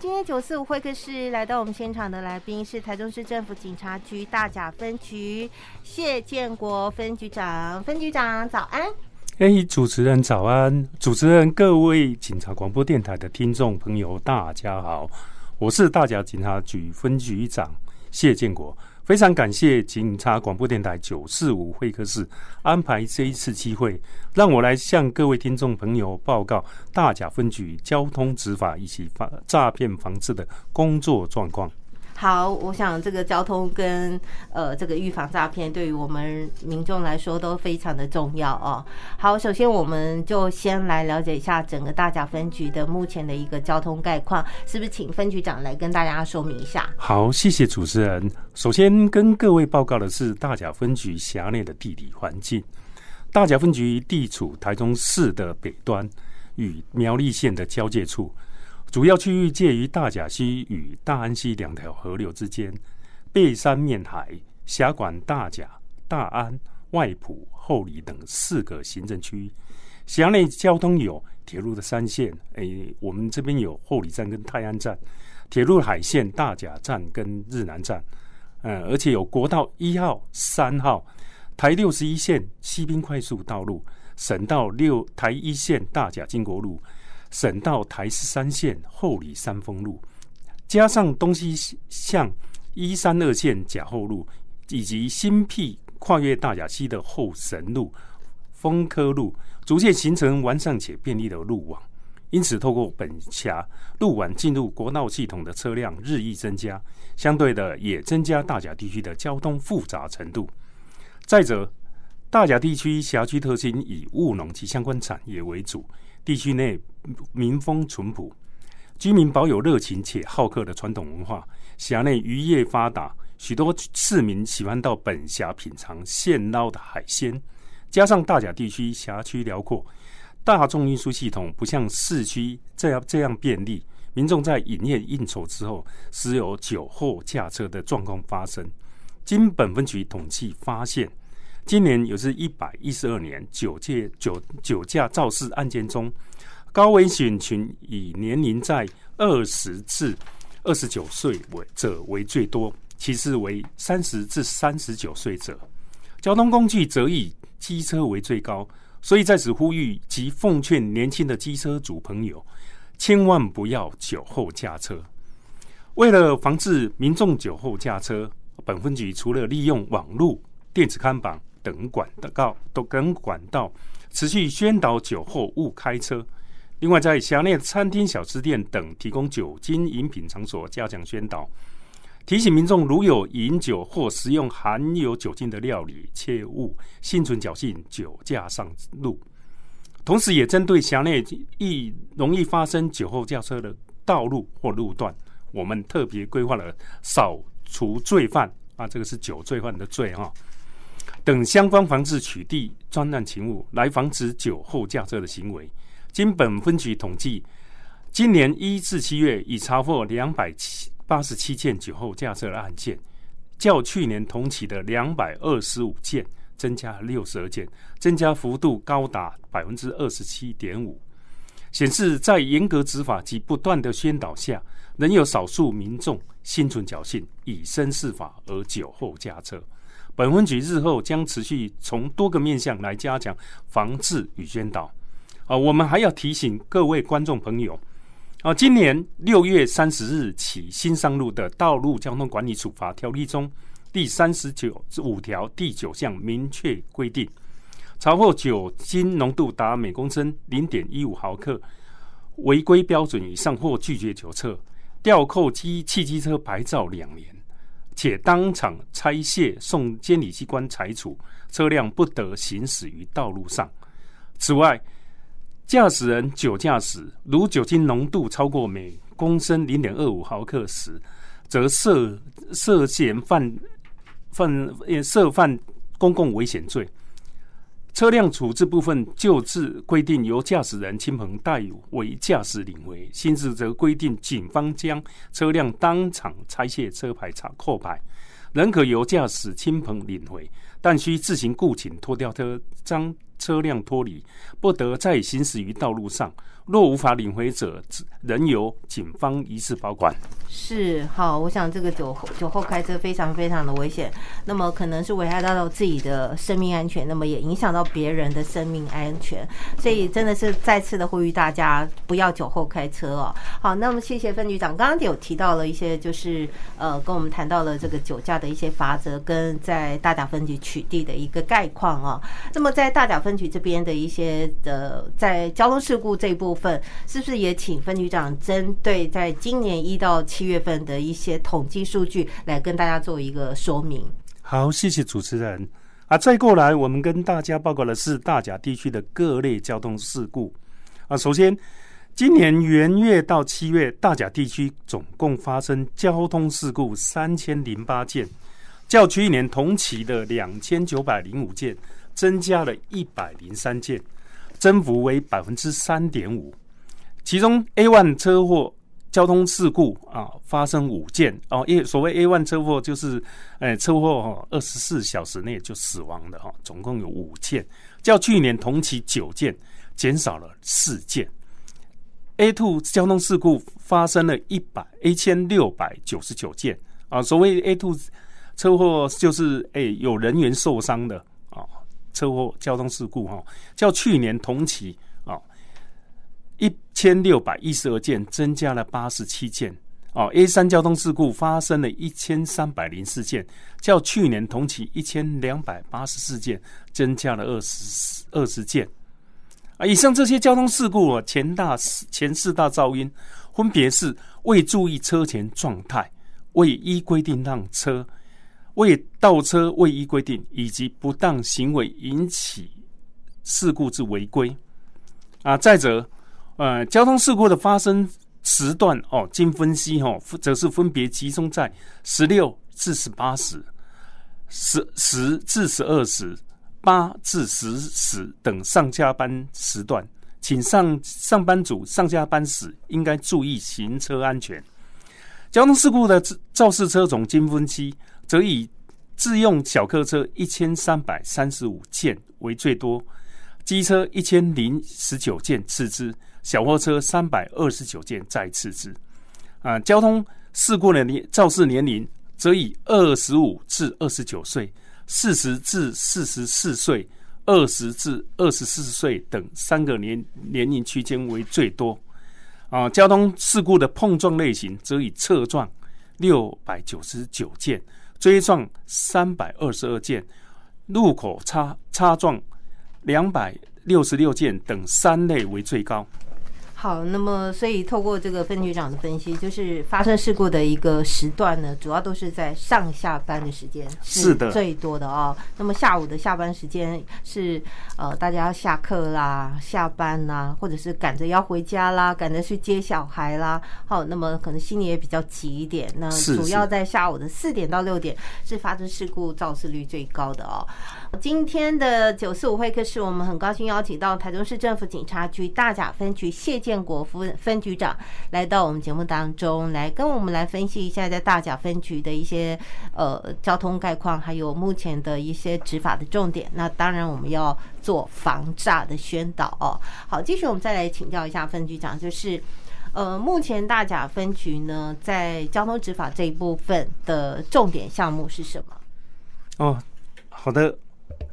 今天九四五會客室來到我們現場的來賓是台中市政府警察局大甲分局謝建國分局長。分局長早安。哎，主持人早安，主持人、各位警察廣播電台的聽眾朋友大家好，我是大甲警察局分局長謝建國。非常感謝警察廣播電台九四五會客室安排這一次機會，讓我來向各位聽眾朋友報告大甲分局交通執法以及防詐騙防治的工作狀況。好，我想這個交通跟呃這個預防詐騙，對於我們民眾來說都非常的重要哦。好，首先我們就先來了解一下整個大甲分局的目前的一個交通概況，是不是？請分局長來跟大家說明一下。好，謝謝主持人。首先跟各位報告的是大甲分局轄內的地理環境。大甲分局地處台中市的北端，與苗栗縣的交界處。主要區域介於大甲溪與大安溪兩條河流之間，背山面海，轄管大甲、大安、外埔、后里等四個行政區。轄內交通有鐵路的山線，誒、欸，我們這邊有后里站跟泰安站，鐵路海線大甲站跟日南站，嗯、呃，而且有國道一號、三號、台六十一線、西濱快速道路、省道六台一線大甲經國路。省道台十三線后裡三豐路，加上東西向一三二線甲後路，以及新闢跨越大甲溪的後神路、豐科路，逐漸形成完善且便利的路網。因此，透過本轄路網進入國道系統的車輛日益增加，相對的也增加大甲地區的交通複雜程度。再者，大甲地區轄區特性以務農及相關產業為主，地區內。民風淳樸，居民保有熱情且好客的傳統文化。轄內漁業發達，許多市民喜歡到本轄品嚐現撈的海鮮。加上大甲地區轄區遼闊，大眾運輸系統不像市區這樣這樣便利，民眾在飲宴應酬之後，時有酒後駕車的狀況發生。經本分局統計發現，今年有是一百一十二年酒酒酒駕肇事案件中。高危險群以年齡在二十至二十九歲為者為最多，其次為三十至三十九歲者。交通工具則以機車為最高，所以在此呼籲及奉勸年輕的機車主朋友，千萬不要酒後駕車。為了防止民眾酒後駕車，本分局除了利用網路、電子看板等管道都跟管道持續宣導酒後勿開車。另外，在轄內餐廳、小吃店等提供酒精飲品場所，加強宣導，提醒民眾如有飲酒或食用含有酒精的料理切物，切勿心存僥幸酒駕上路。同時，也針對轄內易容易發生酒後駕車的道路或路段，我們特別規劃了掃除醉犯啊，這個是酒醉犯的醉哈、哦，等相關防制取締專案勤務，來防止酒後駕車的行為。經本分局統計，今年一至七月已查獲兩百八十七件酒後駕車的案件，較去年同期的兩百二十五件增加六十二件，增加幅度高達百分之二十七點五，顯示在嚴格執法及不斷的宣導下，仍有少數民眾心存僥倖，以身試法而酒後駕車。本分局日後將持續從多個面向來加強防治與宣導。啊、呃，我們還要提醒各位觀眾朋友，啊、呃，今年六月三十日起新上路的道路交通管理處罰條例中第三十五條第九項明確規定，查獲酒精濃度達每公升零點一五毫克，違規標準以上或拒絕酒測，吊扣機汽機車牌照兩年，且當場拆卸送監理機關裁處，車輛不得行駛於道路上。此外，駕駛人酒駕駛，如酒精濃度超過每公升零點二五毫克時，則涉涉嫌犯犯涉犯公共危險罪。車輛處置部分，舊制規定由駕駛人親朋代為駕駛領回，新制則規定警方將車輛當場拆卸車牌、查扣牌，仍可由駕駛親朋領回，但需自行雇請拖吊車將。車輛拖離，不得再行駛於道路上。若無法領回者，仍由警方移置保管。是好，我想這個酒酒後開車非常非常的危險，那麼可能是危害到自己的生命安全，那麼也影響到別人的生命安全，所以真的是再次的呼籲大家不要酒後開車哦。好，那麼謝謝分局長，剛剛有提到了一些，就是呃，跟我們談到了這個酒駕的一些罰則，跟在大甲分局取締的一個概況啊。那麼在大甲分局這邊的一些的、呃、在交通事故這一部分。份是不是也請分局長針對在今年一到七月份的一些統計數據來跟大家做一個說明？好，謝謝主持人。啊，再過來我們跟大家報告的是大甲地區的各類交通事故。啊，首先今年元月到七月，大甲地區總共發生交通事故三千零八件，較去年同期的兩千九百零五件增加了一百零三件。增幅為百分之三點五，其中 A one 車禍交通事故啊發生五件哦，因為所謂 A one 車禍就是哎車禍二十四小時內就死亡的哈，總共有五件，較去年同期九件減少了四件。A two 交通事故發生了一百一千六百九十九件啊，所謂 A two 車禍就是哎有人員受傷的。車禍交通事故哈、啊，較去年同期啊一千六百一十二件增加了八十七件哦、啊。A 三交通事故發生了一千三百零四件，較去年同期一千兩百八十四件增加了二十二十件。啊，以上這些交通事故、啊、前大前四大肇因分別是未注意車前狀態，未依規定讓車。未倒車未依規定，以及不當行為引起事故之違規啊。再者，呃，交通事故的發生時段哦，經分析哈、哦，則是分別集中在十六至十八時、十十至十二時、八至十時等上下班時段。請上上班族上下班時應該注意行車安全。交通事故的肇事車種經分析。則以自用小客車一千三百三十五件為最多，機車一千零十九件次之，小貨車三百二十九件再次之。啊，交通事故的年肇事年齡則以二十五至二十九歲、四十至四十四歲、二十至二十四歲等三個年年齡區間為最多。啊，交通事故的碰撞類型則以側撞六百九十九件，追撞三百二十二件，路口差叉撞兩百六十六件等三類為最高。好，那麼所以透過這個分局長的分析，就是發生事故的一個時段呢，主要都是在上下班的時間，是的，最多的哦。的那麼下午的下班時間是呃大家要下課啦、下班啦，或者是趕着要回家啦、趕着去接小孩啦。好，那麼可能心裡也比較急一點。那主要在下午的四點到六點是發生事故肇事率最高的哦。今天的九四五會客室，我們很高興邀請到台中市政府警察局大甲分局謝。建國分分局長來到我們節目當中，來跟我們來分析一下在大甲分局的一些呃交通概況，還有目前的一些執法的重點。那當然我們要做防詐的宣導哦。好，繼續我們再來請教一下分局長，就是呃，目前大甲分局呢在交通執法這一部分的重點項目是什麼？哦，好的，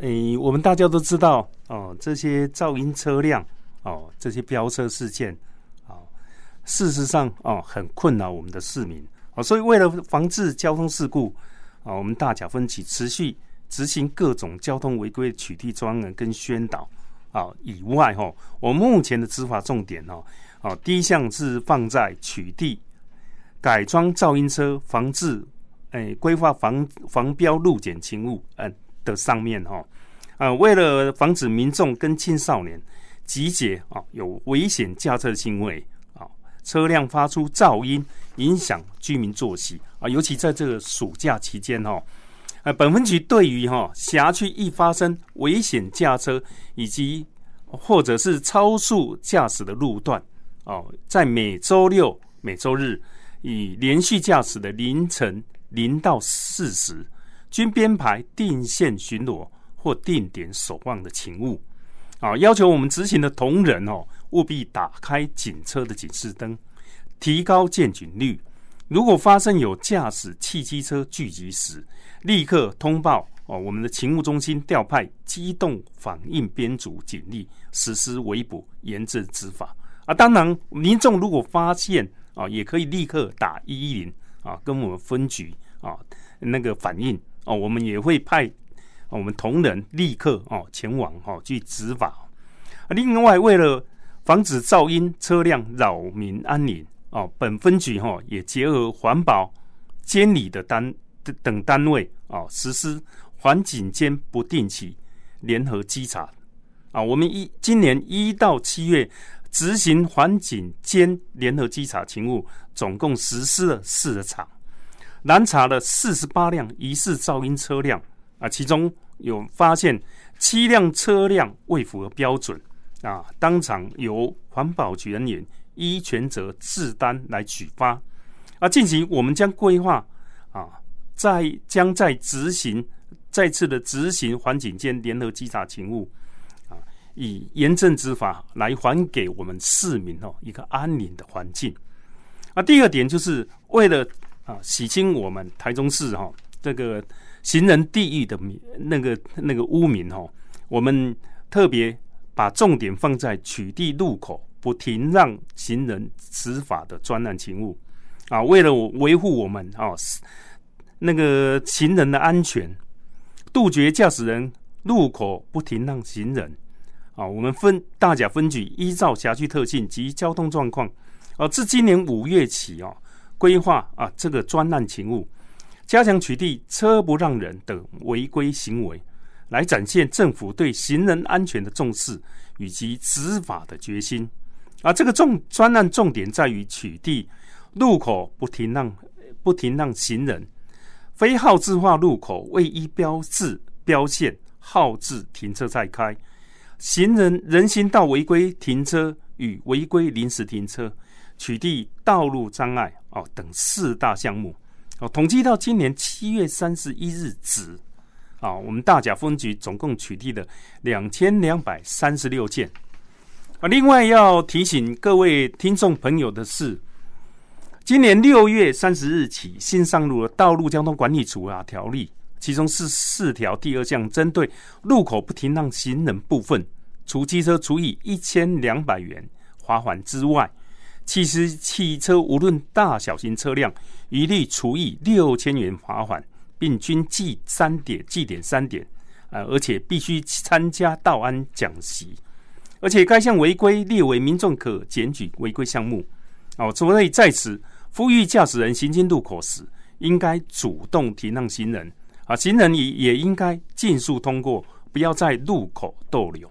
誒，我們大家都知道哦，這些噪音車輛。哦，這些飆車事件啊、哦，事實上哦，很困擾我們的市民哦，所以為了防止交通事故啊、哦，我們大甲分局持續執行各種交通違規的取締專案跟宣導啊、哦、以外，哈、哦，我目前的執法重點哦，哦，第一項是放在取締改裝噪音車、防治哎、呃、規劃防防飆路檢勤務呃、的上面哈，啊、哦呃，為了防止民眾跟青少年集結啊，有危險駕車行為啊，車輛發出噪音，影響居民作息啊，尤其在這個暑假期間哦，呃，本分局對於哈轄區易發生危險駕車以及或者是超速駕駛的路段哦，在每周六、每周日以連續駕駛的凌晨零到四時，均編排定線巡邏或定點守望的勤務。啊，要求我們執勤的同仁哦，務必打開警車的警示燈，提高見警率。如果發生有駕駛汽機車聚集時，立刻通報哦，啊，我們的勤務中心調派機動反應編組警力實施圍捕、嚴正執法。啊，當然，民眾如果發現啊，也可以立刻打一一零啊，跟我們分局啊那個反應啊，我們也會派。我們同仁立刻哦前往哦去執法。另外，為了防止噪音車輛擾民安寧哦，本分局哈也結合環保監理的單等單位哦，實施環境監不定期聯合稽查啊。我們一今年一到七月執行環境監聯合稽查勤務，總共實施了四個場，攔查了四十八輛疑似噪音車輛。啊，其中有發現七輛車輛未符合標準，啊，當場由環保局人員依權責製單來舉發，啊，近期我們將規劃啊，在將在執行再次的執行環境間聯合稽查勤務，啊，以嚴正執法來還給我們市民哦一個安寧的環境。啊，第二點就是為了啊，洗清我們台中市哈、啊、這個。行人地獄的那個那個汙名哈，我們特別把重點放在取締路口不停讓行人執法的專案勤務啊，為了維護我們啊那個行人的安全，杜絕駕駛人路口不停讓行人啊，我們分大甲分局依照轄區特性及交通狀況，啊，自今年五月起哦、啊，規劃啊這個專案勤務。加強取締車不讓人等違規行為，來展現政府對行人安全的重視以及執法的決心。啊，這個重專案重點在於取締路口不停讓不停讓行人、非號誌化路口未依標志標線號誌停車再開、行人人行道違規停車與違規臨時停車、取締道路障礙哦、啊、等四大項目。哦、統計到今年七月三十一日止，啊，我們大甲分局總共取締了兩千兩百三十六件。啊，另外要提醒各位聽眾朋友的是，今年六月三十日起新上路的道路交通管理處罰、啊、條例，其中四四條第二項針對路口不停讓行人部分，除機車處以一千兩百元罰款之外。其實，汽車無論大小型車輛，一律處以六千元罰款，並均記三點，記點三點啊、呃！而且必須參加道安講習，而且該項違規列為民眾可檢舉違規項目。哦，所以在此呼籲駕駛人行經路口時，應該主動停讓行人啊！行人也也應該盡速通過，不要在路口逗留，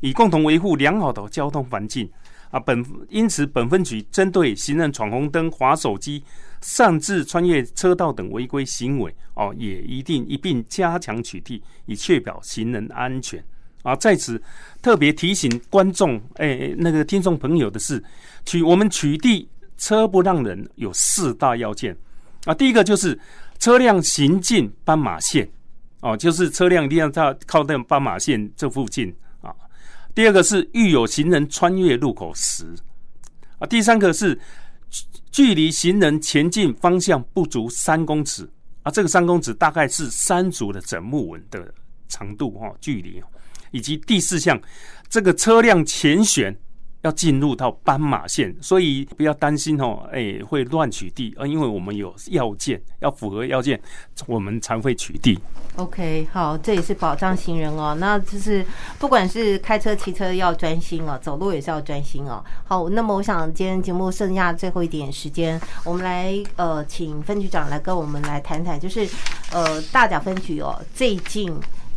以共同維護良好的交通環境。啊，本，因此本分局針對行人闖紅燈、滑手機、擅自穿越車道等違規行為，哦，也一定一並加強取締，以確保行人安全。啊，在此特別提醒觀眾，哎，那個聽眾朋友的是取我們取締車不讓人有四大要件。啊，第一個就是車輛行進斑馬線，哦，啊，就是車輛一定要在靠近斑馬線這附近。第二個是遇有行人穿越路口時，啊，第三個是距離行人前進方向不足三公尺，啊，這個三公尺大概是三足的枕木紋的長度哈、啊，距離，以及第四項，這個車輛前懸。要進入到斑馬線，所以不要擔心哦，哎、欸，會亂取締啊，因為我們有要件，要符合要件，我們才會取締。OK，好，這也是保障行人哦。那就是，不管是開車、騎車要專心哦；走路也是要專心哦。好，那麼我想今天節目剩下最後一點時間，我們來呃，請分局長來跟我們來談談，就是呃，大甲分局哦，最近。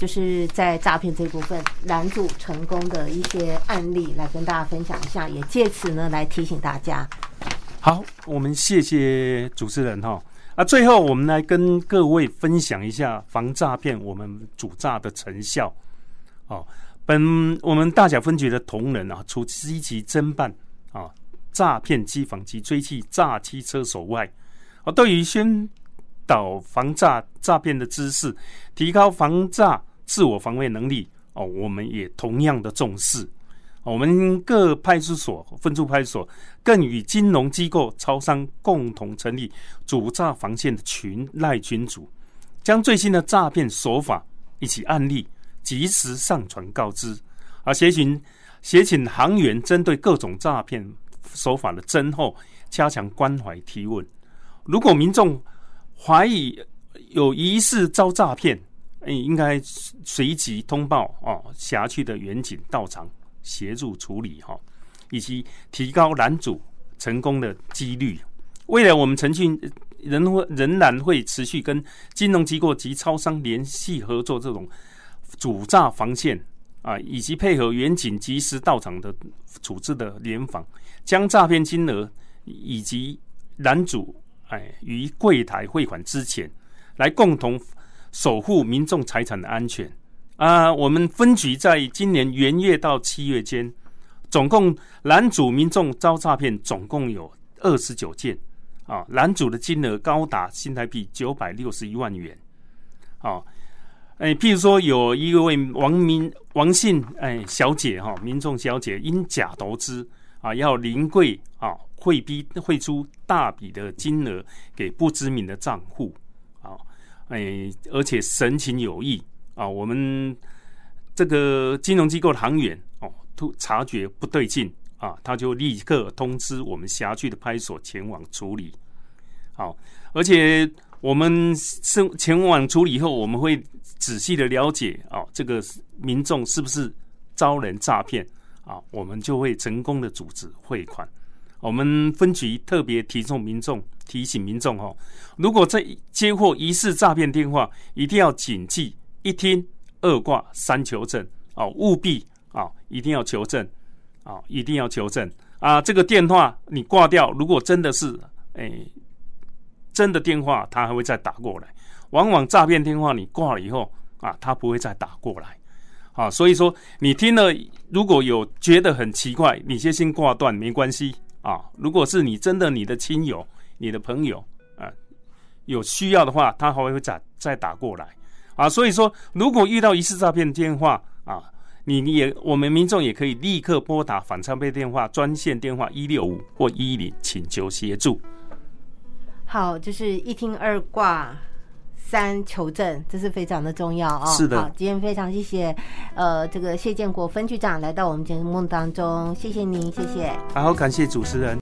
就是在詐騙這部分攔阻成功的一些案例來跟大家分享一下，也借此呢來提醒大家。好，我們謝謝主持人哈啊！最後我們來跟各位分享一下防詐騙我們主詐的成效。哦、啊，本我們大小分局的同仁啊，除積極偵辦啊詐騙機房及追緝詐欺車手外，我、啊、對於宣導防詐詐騙的知識，提高防詐。自我防衛能力哦，我們也同樣的重視。哦、我們各派出所、分駐派出所更與金融機構、超商共同成立阻詐防線的群賴群組，將最新的詐騙手法、以及案例及時上傳告知。而、啊、協詢協請行員針對各種詐騙手法的徵候，加強關懷提問。如果民眾懷疑有疑似遭詐騙，誒，應該隨即通報哦、啊，轄區的員警到場協助處理哈、啊，以及提高攔阻成功的幾率。未來我們騰訊仍會仍然會持續跟金融機構及超商聯繫合作，這種阻詐防線啊，以及配合員警及時到場的處置的聯防，將詐騙金額以及攔阻哎於櫃檯匯款之前來共同。守護民眾財產的安全啊！我們分局在今年元月到七月間，總共攔阻民眾遭詐騙，總共有二十九件啊！攔阻的金額高達新台幣九百六十一萬元啊！哎，譬如說有一位王明王姓哎小姐哈、啊，民眾小姐因假投資啊，要臨櫃啊匯逼匯出大筆的金額給不知名的賬戶。哎，而且神情有異啊！我們這個金融機構的行員哦，突察覺不對勁啊，他就立刻通知我們轄區的派出所前往處理。好，啊，而且我們是前往處理以後，我們會仔細的了解啊，這個民眾是不是遭人詐騙啊？我們就會成功的阻止匯款。我們分局特別提醒民眾。提醒民眾哦，如果這接獲疑似詐騙電話，一定要謹記：一聽、二掛、三求證。哦、啊，務必啊，一定要求證，啊，一定要求證啊。這個電話你掛掉，如果真的是誒、欸、真的電話，他還會再打過來。往往詐騙電話你掛了以後啊，他不會再打過來。啊，所以說你聽了如果有覺得很奇怪，你先先掛斷，沒關係啊。如果是你真的你的親友，你的朋友啊、呃，有需要的話，他還會再再打過來啊。所以說，如果遇到疑似詐騙電話啊，你你也我們民眾也可以立刻撥打反詐騙電話專線電話一六五或一一零，請求協助。好，就是一聽二掛三求證，這是非常的重要啊、哦。是的。好，今天非常謝謝呃這個謝建國分局長來到我們節目當中，謝謝您，謝謝。好，感謝主持人。